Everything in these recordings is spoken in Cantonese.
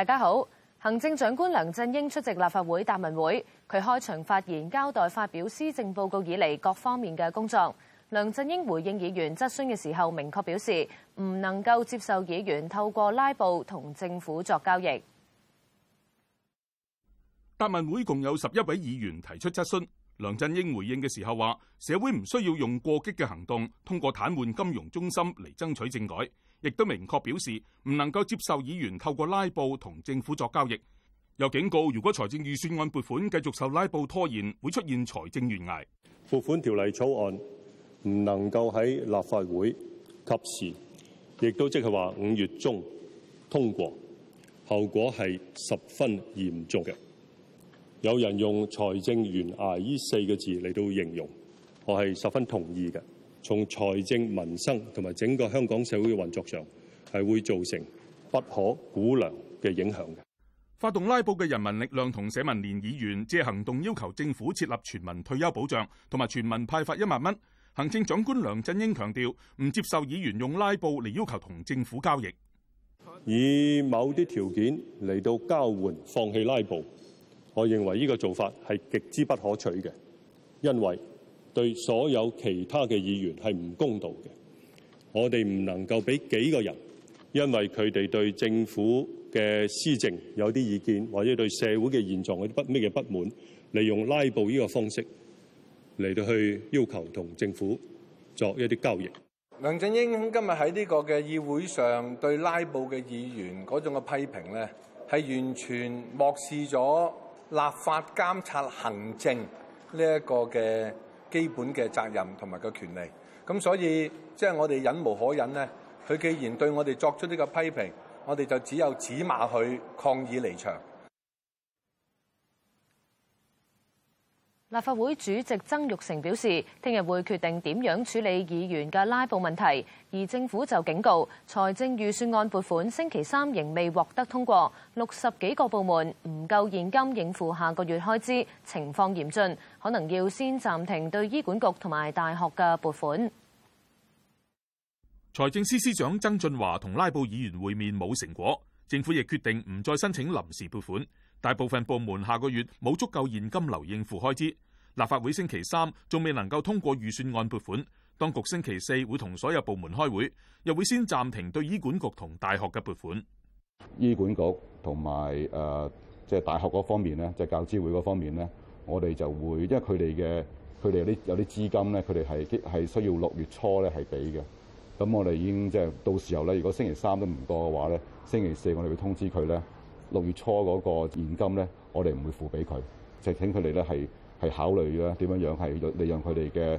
大家好，行政長官梁振英出席立法會答問會，佢開場發言交代發表施政報告以來各方面嘅工作。梁振英回應議員質詢嘅時候，明確表示唔能夠接受議員透過拉布同政府作交易。答問會共有十一位議員提出質詢，梁振英回應嘅時候話，社會唔需要用過激嘅行動，通過癱瘓金融中心嚟爭取政改。亦都明確表示唔能夠接受議員透過拉布同政府作交易，又警告如果財政預算案撥款繼續受拉布拖延，會出現財政懸崖。撥款條例草案唔能夠喺立法會及時，亦都即係話五月中通過，後果係十分嚴重嘅。有人用財政懸崖呢四個字嚟到形容，我係十分同意嘅。從財政民生同埋整個香港社會嘅運作上，係會造成不可估量嘅影響嘅。發動拉布嘅人民力量同社民連議員借行動要求政府設立全民退休保障同埋全民派發一萬蚊。行政長官梁振英強調，唔接受議員用拉布嚟要求同政府交易，以某啲條件嚟到交換放棄拉布。我認為呢個做法係極之不可取嘅，因為對所有其他嘅議員係唔公道嘅。我哋唔能夠俾幾個人，因為佢哋對政府嘅施政有啲意見，或者對社會嘅現狀有啲乜嘢嘅不滿，利用拉布呢個方式嚟到去要求同政府作一啲交易。梁振英今日喺呢個嘅議會上對拉布嘅議員嗰種嘅批評咧，係完全漠視咗立法監察行政呢一個嘅基本嘅責任同埋個權利，咁所以即係、就是、我哋忍無可忍咧。佢既然對我哋作出呢個批評，我哋就只有指罵佢，抗議離場。立法會主席曾玉成表示，聽日會決定點樣處理議員嘅拉布問題，而政府就警告，財政預算案撥款星期三仍未獲得通過，六十幾個部門唔夠現金應付下個月開支，情況嚴峻，可能要先暫停對醫管局同埋大學嘅撥款。財政司司長曾俊華同拉布議員會面冇成果，政府亦決定唔再申請臨時撥款。大部分部門下個月冇足夠現金流應付開支，立法會星期三仲未能夠通過預算案撥款，當局星期四會同所有部門開會，又會先暫停對醫管局同大學嘅撥款。醫管局同埋誒即係大學嗰方面咧，即係教資會嗰方面咧，我哋就會因為佢哋嘅佢哋有啲有啲資金咧，佢哋係係需要六月初咧係俾嘅。咁我哋已經即係到時候咧，如果星期三都唔過嘅話咧，星期四我哋會通知佢咧。六月初嗰個現金咧，我哋唔會付俾佢，就請佢哋咧係係考慮咧點樣樣係利用佢哋嘅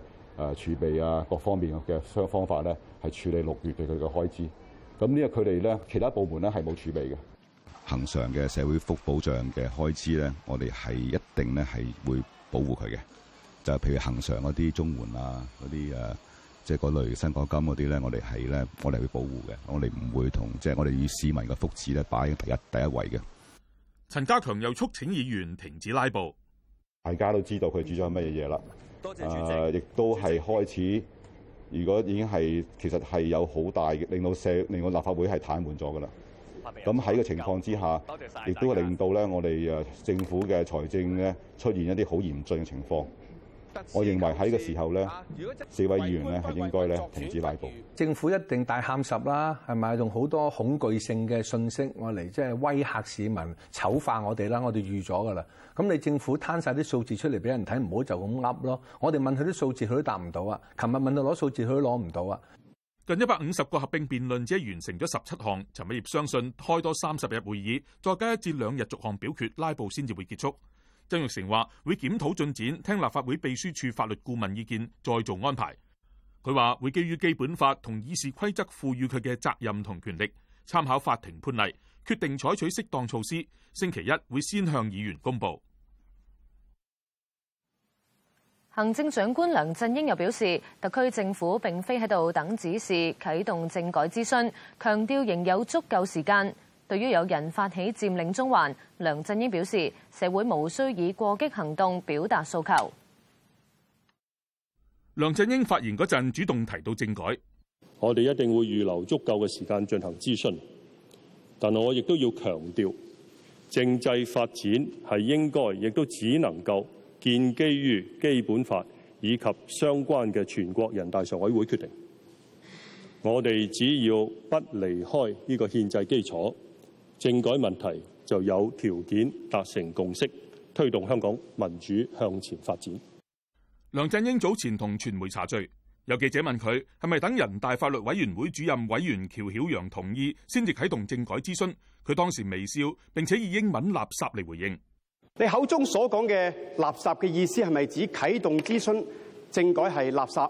誒儲備啊各方面嘅相方法咧，係處理六月嘅佢嘅開支。咁呢個佢哋咧其他部門咧係冇儲備嘅恒常嘅社會福保障嘅開支咧，我哋係一定咧係會保護佢嘅，就係譬如恒常嗰啲綜援啊嗰啲誒。即係嗰類新港金嗰啲咧，我哋係咧，我哋會保護嘅，我哋唔會同即係我哋以市民嘅福祉咧擺喺第一第一位嘅。陳家強又促請議員停止拉布，大家都知道佢主張係乜嘢嘢啦。多謝主席，亦都係開始。如果已經係其實係有好大嘅，令到社令到立法會係癱瘓咗噶啦。咁喺個情況之下，亦都會令到咧我哋誒政府嘅財政咧出現一啲好嚴峻嘅情況。我認為喺個時候咧，四位議員咧係應該咧停止拉布。政府一定大喊十啦，係咪用好多恐懼性嘅信息我嚟即係威嚇市民、醜化我哋啦？我哋預咗㗎啦。咁你政府攤晒啲數字出嚟俾人睇，唔好就咁笠咯。我哋問佢啲數字，佢都答唔到啊。琴日問到攞數字，佢都攞唔到啊。近一百五十個合併辯論只完成咗十七項。陳偉業相信開多三十日會議，再加一至兩日逐項表決拉布，先至會結束。曾玉成話會檢討進展，聽立法會秘書處法律顧問意見，再做安排。佢話會基於基本法同議事規則賦予佢嘅責任同權力，參考法庭判例，決定採取適當措施。星期一會先向議員公布。行政長官梁振英又表示，特區政府並非喺度等指示，啟動政改諮詢，強調仍有足夠時間。對於有人發起佔領中環，梁振英表示：社會無需以過激行動表達訴求。梁振英發言嗰陣主動提到政改，我哋一定會預留足夠嘅時間進行諮詢，但我亦都要強調，政制發展係應該亦都只能夠建基於基本法以及相關嘅全國人大常委會決定。我哋只要不離開呢個憲制基礎，政改問題就有條件達成共識，推動香港民主向前發展。梁振英早前同傳媒茶敘，有記者問佢係咪等人大法律委員會主任委員喬曉陽同意先至啟動政改諮詢，佢當時微笑並且以英文垃圾嚟回應。你口中所講嘅垃圾嘅意思係咪指啟動諮詢政改係垃圾，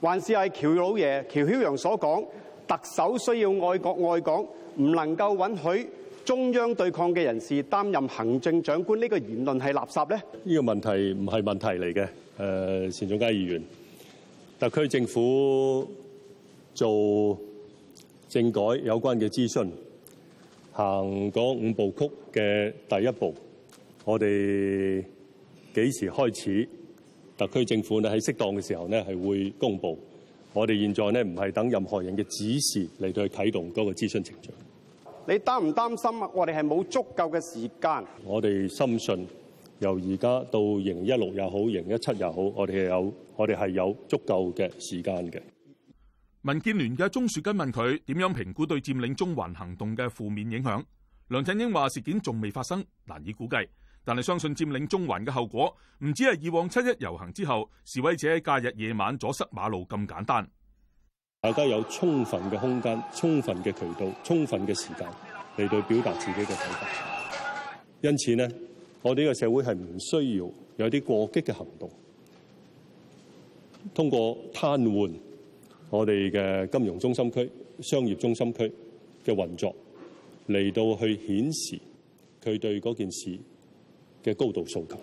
還是係喬老爺喬曉陽所講特首需要愛國愛港，唔能夠允許？中央對抗嘅人士擔任行政長官呢，這個言論係垃圾咧？呢，這個問題唔係問題嚟嘅。誒，單仲偕議員，特區政府做政改有關嘅諮詢行嗰五步曲嘅第一步，我哋幾時開始？特區政府咧，喺適當嘅時候咧，係會公布。我哋現在咧，唔係等任何人嘅指示嚟到去啟動個諮詢程序。你擔唔擔心？啊，我哋係冇足夠嘅時間，我哋深信，由而家到二零一六又好，二零一七又好，我哋係有，我哋係有足夠嘅時間嘅。民建聯嘅鍾樹根問佢點樣評估對佔領中環行動嘅負面影響。梁振英話事件仲未發生，難以估計，但係相信佔領中環嘅後果，唔止係以往七一遊行之後，示威者喺假日夜晚阻塞馬路咁簡單。大家有充分嘅空間、充分嘅渠道、充分嘅時間嚟到表達自己嘅睇法。因此呢，我哋呢個社會係唔需要有啲過激嘅行動，通過癱瘓我哋嘅金融中心區、商業中心區嘅運作嚟到去顯示佢對嗰件事嘅高度訴求。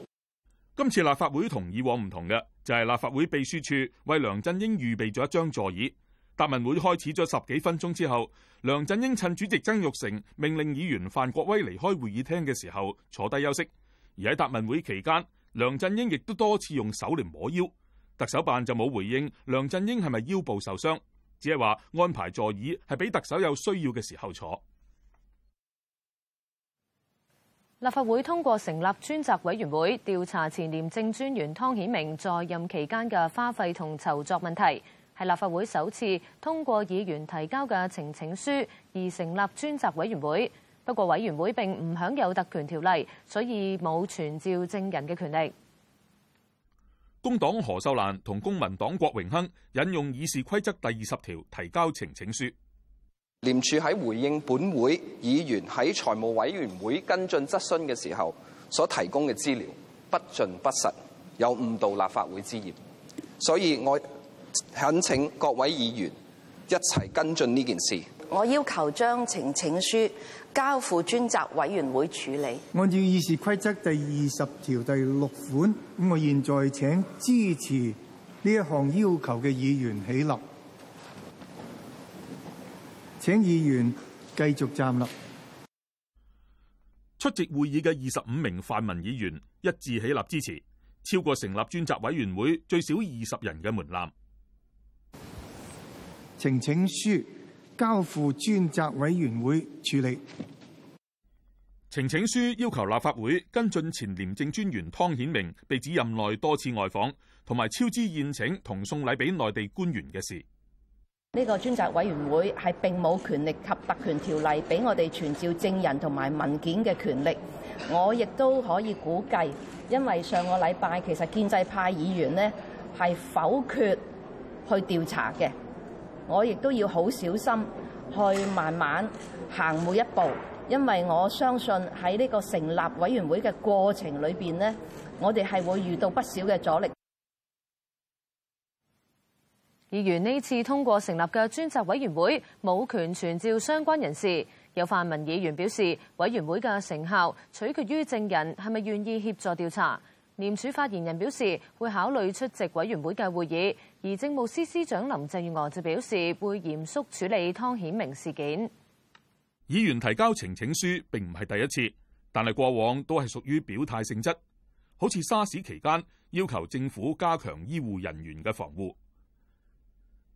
今次立法會同以往唔同嘅，就係立法會秘書處為梁振英預備咗一張座椅。答問會開始咗十幾分鐘之後，梁振英趁主席曾鈺成命令議員范國威離開會議廳嘅時候坐低休息。而喺答問會期間，梁振英亦都多次用手嚟摸腰。特首辦就冇回應梁振英係咪腰部受傷，只係話安排座椅係俾特首有需要嘅時候坐。立法會通過成立專責委員會調查前廉政專員湯顯明在任期間嘅花費同籌作問題。係立法會首次通過議員提交嘅呈請書而成立專責委員會，不過委員會並唔享有特權條例，所以冇傳召證人嘅權力。工黨何秀蘭同公民黨郭榮鏗引用議事規則第二十條提交呈請書。廉署喺回應本會議員喺財務委員會跟進質詢嘅時候所提供嘅資料不盡不實，有誤導立法會之嫌，所以我。懇請各位議員一齊跟進呢件事。我要求將呈請書交付專責委員會處理。按照議事規則第二十條第六款，咁我現在請支持呢一項要求嘅議員起立。請議員繼續站立。出席會議嘅二十五名泛民議員一致起立支持，超過成立專責委員會最少二十人嘅門檻。呈請書交付專責委員會處理。呈請，呈請書要求立法會跟進前廉政專員湯顯明被指任內多次外訪，同埋超支宴請同送禮俾內地官員嘅事。呢、這個專責委員會係並冇權力及特權條例俾我哋傳召證人同埋文件嘅權力。我亦都可以估計，因為上個禮拜其實建制派議員呢係否決去調查嘅。我亦都要好小心去慢慢行每一步，因為我相信喺呢個成立委員會嘅過程裏邊咧，我哋係會遇到不少嘅阻力。議員呢次通過成立嘅專責委員會，冇權傳召相關人士。有泛民議員表示，委員會嘅成效取決於證人係咪願意協助調查。廉署發言人表示，會考慮出席委員會嘅會議。而政務司司長林鄭月娥就表示，會嚴肅處理湯顯明事件。議員提交呈請書並唔係第一次，但係過往都係屬於表態性質，好似沙士期間要求政府加強醫護人員嘅防護。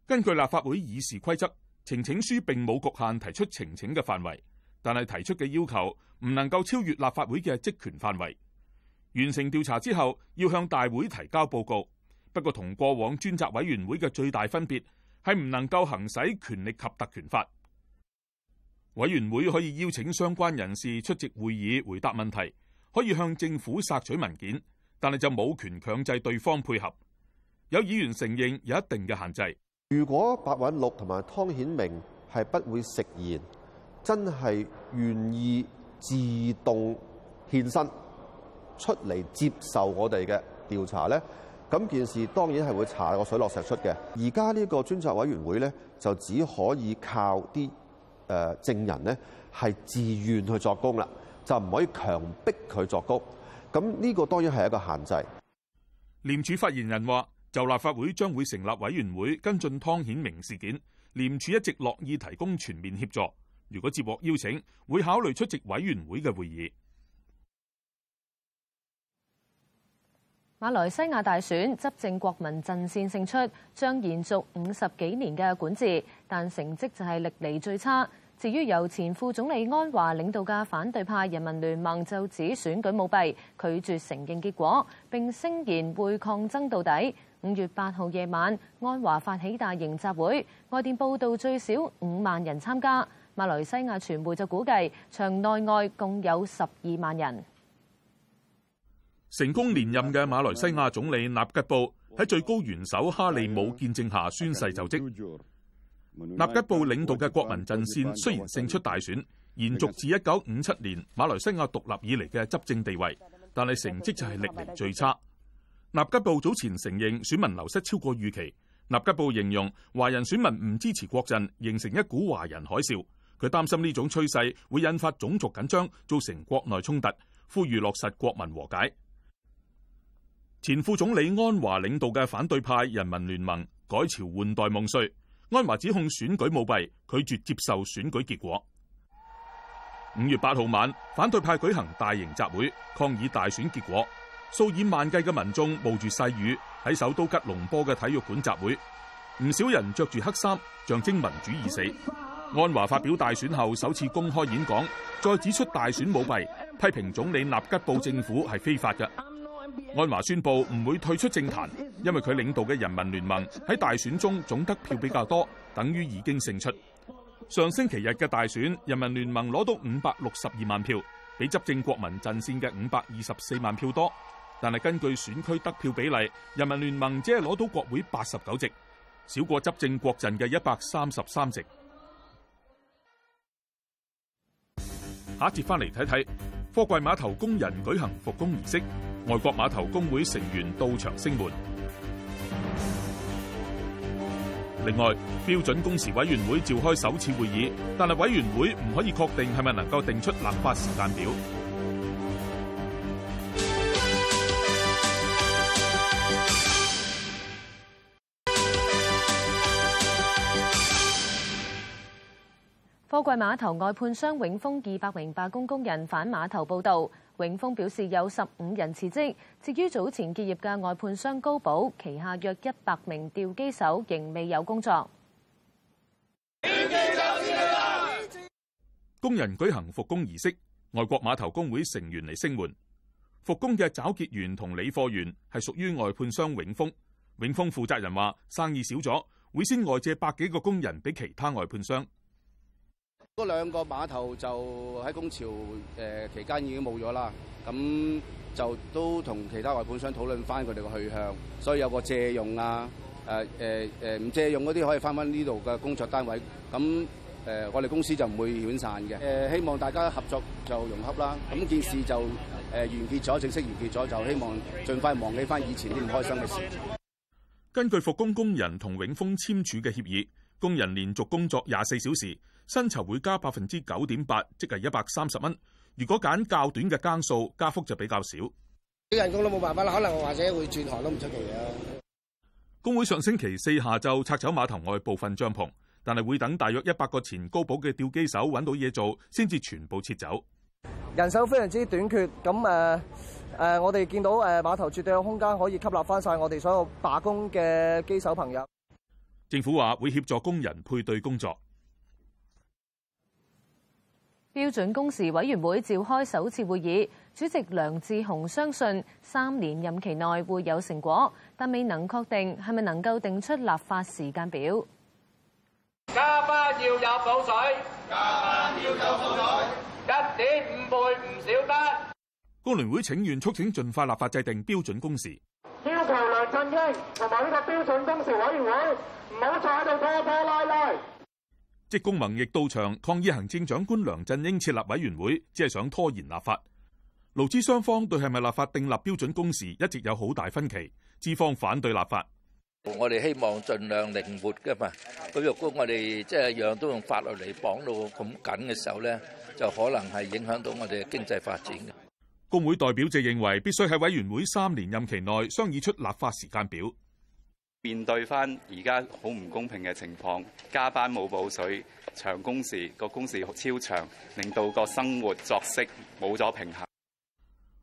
根據立法會議事規則，呈請書並冇局限提出呈請嘅範圍，但係提出嘅要求唔能夠超越立法會嘅職權範圍。完成調查之後，要向大會提交報告。不過，同過往專責委員會嘅最大分別係唔能夠行使權力及特權法。委員會可以邀請相關人士出席會議回答問題，可以向政府索取文件，但係就冇權強制對方配合。有議員承認有一定嘅限制。如果白韻錄同埋湯顯明係不會食言，真係願意自動獻身出嚟接受我哋嘅調查呢？咁件事當然係會查個水落石出嘅。而家呢個專責委員會呢，就只可以靠啲誒證人呢係自願去作供啦，就唔可以強迫佢作供。咁呢個當然係一個限制。廉署發言人話，就立法會將會成立委員會跟進湯顯明事件，廉署一直樂意提供全面協助。如果接獲邀請，會考慮出席委員會嘅會議。馬來西亞大選執政國民陣線勝出，將延續五十幾年嘅管治，但成績就係歷嚟最差。至於由前副總理安華領導嘅反對派人民聯盟就指選舉舞弊，拒絕承認結果，並聲言會抗爭到底。五月八號夜晚，安華發起大型集會，外電報道最少五萬人參加，馬來西亞傳媒就估計場內外共有十二萬人。成功連任嘅馬來西亞總理納吉布喺最高元首哈利姆見證下宣誓就職。納吉布領導嘅國民陣線雖然勝出大選，延續自一九五七年馬來西亞獨立以嚟嘅執政地位，但係成績就係歷年最差。納吉布早前承認選民流失超過預期。納吉布形容華人選民唔支持國陣，形成一股華人海嘯。佢擔心呢種趨勢會引發種族緊張，造成國內衝突，呼籲落實國民和解。前副總理安華領導嘅反對派人民聯盟改朝換代夢碎，安華指控選舉舞弊，拒絕接受選舉結果。五月八號晚，反對派舉行大型集會抗議大選結果，數以萬計嘅民眾冒住細雨喺首都吉隆坡嘅體育館集會，唔少人着住黑衫，象徵民主而死。安華發表大選後首次公開演講，再指出大選舞弊，批評總理納吉布政府係非法嘅。安華宣佈唔會退出政壇，因為佢領導嘅人民聯盟喺大選中總得票比較多，等於已經勝出。上星期日嘅大選，人民聯盟攞到五百六十二萬票，比執政國民陣線嘅五百二十四萬票多，但係根據選區得票比例，人民聯盟只係攞到國會八十九席，少過執政國陣嘅一百三十三席。下一節翻嚟睇睇。貨櫃碼頭工人舉行復工儀式，外國碼頭工會成員到場聲援。另外，標準工時委員會召開首次會議，但係委員會唔可以確定係咪能夠定出立法時間表。貨櫃碼頭外判商永豐二百名罷工工人返碼頭報到，永豐表示有十五人辭職。至於早前結業嘅外判商高寶旗下約一百名吊機手仍未有工作。工人舉行復工儀式，外國碼頭工會成員嚟聲援。復工嘅紮結員同理貨員係屬於外判商永豐。永豐負責人話生意少咗，會先外借百幾個工人俾其他外判商。嗰兩個碼頭就喺工潮誒期間已經冇咗啦，咁就都同其他外判商討論翻佢哋嘅去向，所以有個借用啊誒誒誒，唔、呃呃呃、借用嗰啲可以翻翻呢度嘅工作單位。咁誒，我、呃、哋公司就唔會遣散嘅。誒、呃，希望大家合作就融合啦。咁件事就誒完結咗，正式完結咗，就希望盡快忘記翻以前啲唔開心嘅事。根據復工工人同永豐簽署嘅協議，工人連續工作廿四小時。薪酬會加百分之九點八，即係一百三十蚊。如果揀較短嘅更數，加幅就比較少。啲人工都冇辦法啦，可能或者會轉行都唔出奇啊。工會上星期四下晝拆走碼頭外部分帳篷，但係會等大約一百個前高寶嘅吊機手搵到嘢做，先至全部撤走。人手非常之短缺，咁誒誒，我哋見到誒碼頭絕對有空間可以吸納返晒我哋所有罷工嘅機手朋友。政府話會協助工人配對工作。標準工時委員會召開首次會議，主席梁志雄相信三年任期內會有成果，但未能確定係咪能夠定出立法時間表。加班要有補水，加班要有補水，一點五倍唔少得。工聯會請願促請盡快立法制定標準工時，要求梁振英同埋呢個標準工時委員會唔好坐喺度拖拖拉拉。職工盟亦到場抗議行政長官梁振英設立委員會，只係想拖延立法。勞資雙方對係咪立法訂立標準工時一直有好大分歧，資方反對立法。我哋希望盡量靈活嘅嘛，佢若果我哋即係樣樣都用法律嚟綁到咁緊嘅時候咧，就可能係影響到我哋嘅經濟發展嘅。工會代表就認為，必須喺委員會三年任期內，商議出立法時間表。面對返而家好唔公平嘅情況，加班冇補水，長工時個工時超長，令到個生活作息冇咗平衡。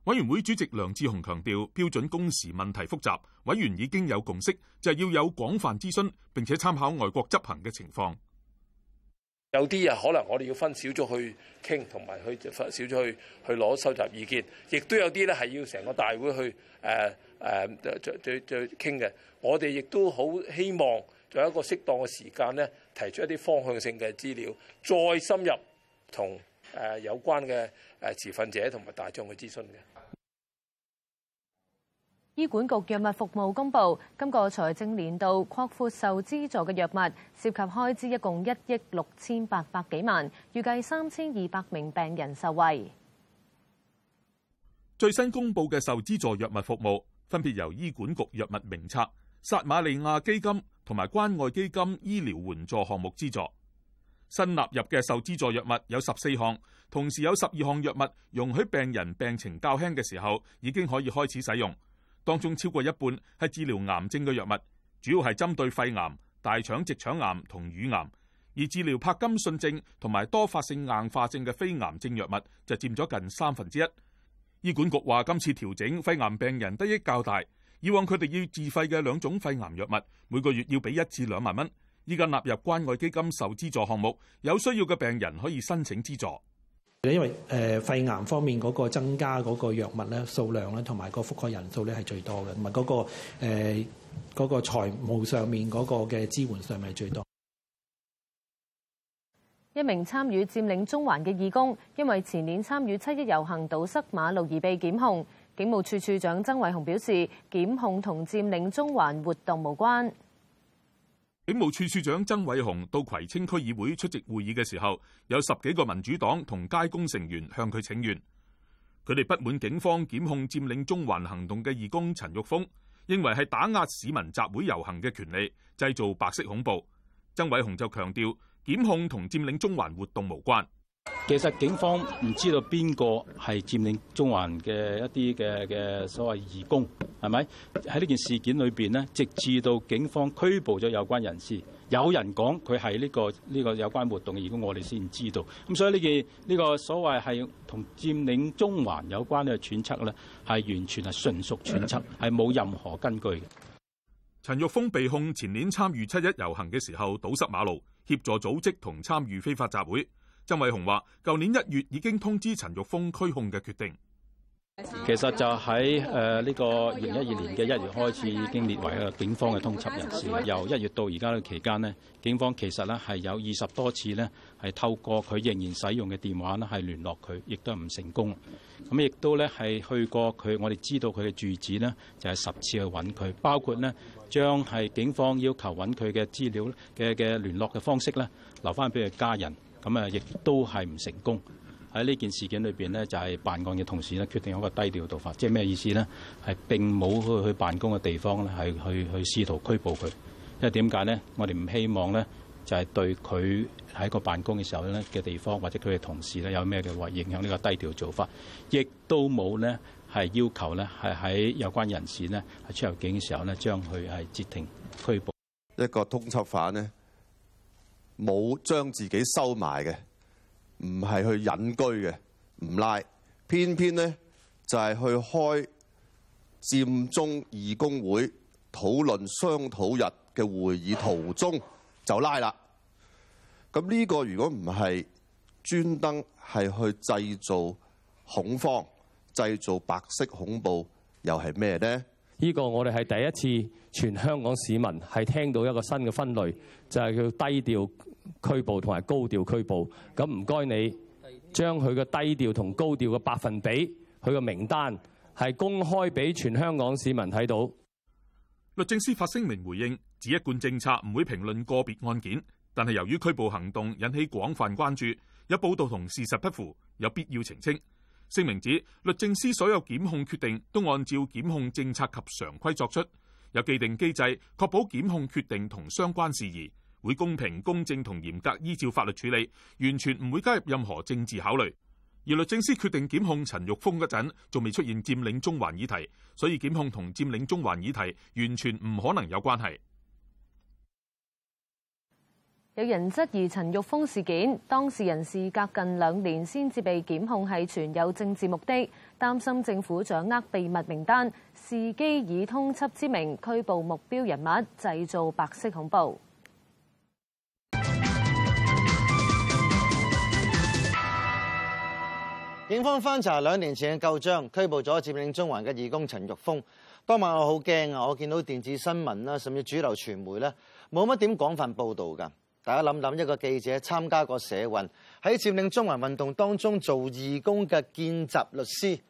委員會主席梁志雄強調，標準工時問題複雜，委員已經有共識，就係要有廣泛諮詢，並且參考外國執行嘅情況。有啲啊，可能我哋要分小組去傾，同埋去分小組去去攞收集意見，亦都有啲咧係要成個大會去誒。呃誒、啊，再再再再傾嘅，我哋亦都好希望，有一個適當嘅時間咧，提出一啲方向性嘅資料，再深入同誒、啊、有關嘅誒持份者同埋大眾去諮詢嘅。醫管局藥物服務公佈，今個財政年度擴闊受資助嘅藥物，涉及開支一共一億六千八百幾萬，預計三千二百名病人受惠。最新公佈嘅受資助藥物服務，分別由醫管局藥物名冊、撒瑪利亞基金同埋關愛基金醫療援助項目資助。新納入嘅受資助藥物有十四項，同時有十二項藥物容許病人病情較輕嘅時候已經可以開始使用。當中超過一半係治療癌症嘅藥物，主要係針對肺癌、大腸直腸癌同乳癌。而治療帕金遜症同埋多發性硬化症嘅非癌症藥物就佔咗近三分之一。醫管局話：今次調整，肺癌病人得益較大。以往佢哋要自費嘅兩種肺癌藥物，每個月要俾一至兩萬蚊，依家納入關愛基金受資助項目，有需要嘅病人可以申請資助。因為誒、呃、肺癌方面嗰個增加嗰個藥物咧數量咧，同埋個覆蓋人數咧係最多嘅，同埋嗰個誒嗰、呃嗰個財務上面嗰個嘅支援上面係最多的。一名參與佔領中環嘅義工，因為前年參與七一遊行堵塞馬路而被檢控。警務處處長曾偉雄表示，檢控同佔領中環活動無關。警務處處長曾偉雄到葵青區議會出席會議嘅時候，有十幾個民主黨同街工成員向佢請願，佢哋不滿警方檢控佔領中環行動嘅義工陳玉峰，認為係打壓市民集會遊行嘅權利，製造白色恐怖。曾偉雄就強調，檢控同佔領中環活動無關。其實警方唔知道邊個係佔領中環嘅一啲嘅嘅所謂義工，係咪喺呢件事件裏邊咧？直至到警方拘捕咗有關人士，有人講佢係呢個呢個有關活動嘅義工，我哋先知道。咁所以呢件呢個所謂係同佔領中環有關嘅揣測呢係完全係純屬揣測，係冇任何根據嘅。陳玉峰被控前年參與七一遊行嘅時候堵塞馬路。協助組織同參與非法集會，曾偉雄話，舊年一月已經通知陳玉峰拘控嘅決定。其實就喺誒呢個二零一二年嘅一月開始已經列為啊警方嘅通緝人士。由一月到而家嘅期間咧，警方其實咧係有二十多次咧係透過佢仍然使用嘅電話咧係聯絡佢，亦都係唔成功。咁亦都咧係去過佢，我哋知道佢嘅住址咧，就係十次去揾佢，包括咧將係警方要求揾佢嘅資料嘅嘅聯絡嘅方式咧留翻俾佢家人，咁啊亦都係唔成功。喺呢件事件裏邊咧，就係辦案嘅同事咧，決定一個低調做法，即係咩意思咧？係並冇去去辦公嘅地方咧，係去去試圖拘捕佢。因為點解咧？我哋唔希望咧，就係對佢喺個辦公嘅時候咧嘅地方，或者佢嘅同事咧有咩嘅話影響呢個低調做法。亦都冇咧係要求咧係喺有關人士咧喺出入境嘅時候咧將佢係截停拘捕。一個通緝犯呢，冇將自己收埋嘅。唔係去隱居嘅，唔拉，偏偏呢就係、是、去開佔中義工會討論商討日嘅會議途中就拉啦。咁呢個如果唔係專登係去製造恐慌、製造白色恐怖，又係咩呢？呢、這個我哋係第一次全香港市民係聽到一個新嘅分類，就係、是、叫低調拘捕同埋高調拘捕。咁唔該，你將佢個低調同高調嘅百分比、佢個名單係公開俾全香港市民睇到。律政司發聲明回應，指一貫政策唔會評論個別案件，但係由於拘捕行動引起廣泛關注，有報道同事實不符，有必要澄清。聲明指，律政司所有檢控決定都按照檢控政策及常規作出，有既定機制確保檢控決定同相關事宜會公平、公正同嚴格依照法律處理，完全唔會加入任何政治考慮。而律政司決定檢控陳玉峰嗰陣，仲未出現佔領中環議題，所以檢控同佔領中環議題完全唔可能有關係。有人質疑陳玉峰事件，當事人事隔近兩年先至被檢控，係存有政治目的，擔心政府掌握秘密名單，伺機以通緝之名拘捕目標人物，製造白色恐怖。警方翻查兩年前嘅舊章，拘捕咗佔領中環嘅義工陳玉峰。當晚我好驚啊！我見到電子新聞啦，甚至主流傳媒呢，冇乜點廣泛報導㗎。大家諗諗，一個記者參加過社運，喺佔領中環運動當中做義工嘅見習律師，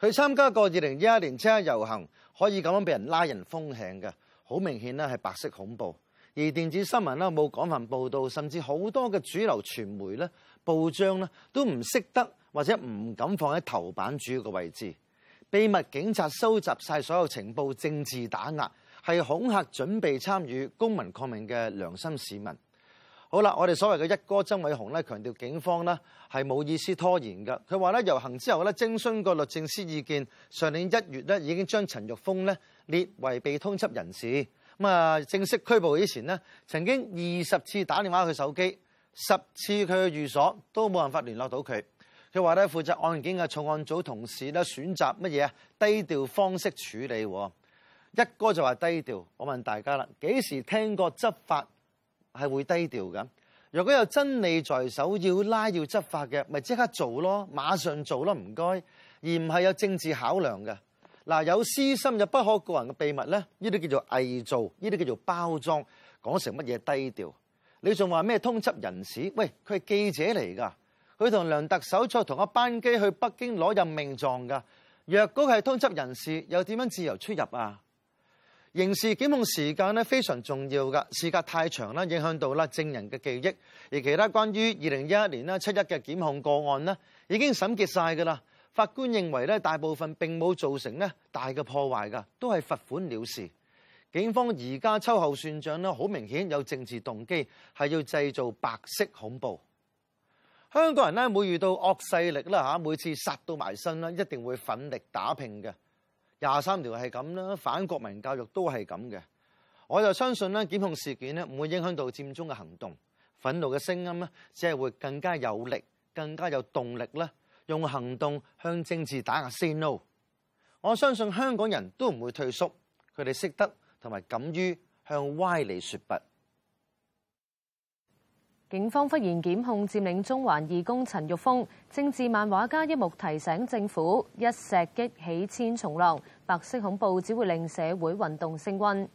佢參加過二零一一年七一遊行，可以咁樣俾人拉人風慶嘅，好明顯咧係白色恐怖。而電子新聞咧冇廣泛報道，甚至好多嘅主流傳媒咧報章咧，都唔識得或者唔敢放喺頭版主要嘅位置。秘密警察收集晒所有情報，政治打壓係恐嚇準備參與公民抗命嘅良心市民。好啦，我哋所謂嘅一哥曾偉雄咧，強調警方呢係冇意思拖延嘅。佢話咧遊行之後咧，徵詢過律政司意見，上年一月咧已經將陳玉峰咧列為被通緝人士。咁啊，正式拘捕以前呢曾經二十次打電話去佢手機，十次去寓所都冇辦法聯絡到佢。佢話咧負責案件嘅重案組同事咧選擇乜嘢低調方式處理。一哥就話低調。我問大家啦，幾時聽過執法？係會低調嘅，如果有真理在手，要拉要執法嘅，咪即刻做咯，馬上做咯，唔該，而唔係有政治考量嘅。嗱，有私心有不可告人嘅秘密咧，呢啲叫做偽造，呢啲叫做包裝，講成乜嘢低調？你仲話咩通緝人士？喂，佢係記者嚟噶，佢同梁特首坐同一班機去北京攞任命狀噶。若果係通緝人士，又點樣自由出入啊？刑事檢控時間咧非常重要噶，時隔太長啦，影響到咧證人嘅記憶。而其他關於二零一一年咧七一嘅檢控個案咧，已經審結晒噶啦。法官認為咧，大部分並冇造成咧大嘅破壞噶，都係罰款了事。警方而家秋後算賬咧，好明顯有政治動機，係要製造白色恐怖。香港人咧每遇到惡勢力啦嚇，每次殺到埋身啦，一定會奮力打拼嘅。廿三條係咁啦，反國民教育都係咁嘅。我就相信咧，檢控事件咧唔會影響到佔中嘅行動，憤怒嘅聲音咧只係會更加有力、更加有動力咧，用行動向政治打壓 say no。我相信香港人都唔會退縮，佢哋識得同埋敢於向歪理説不。警方忽然檢控佔領中環義工陳玉峰，政治漫畫家一目提醒政府：一石激起千重浪。白色恐怖只會令社會運動升溫。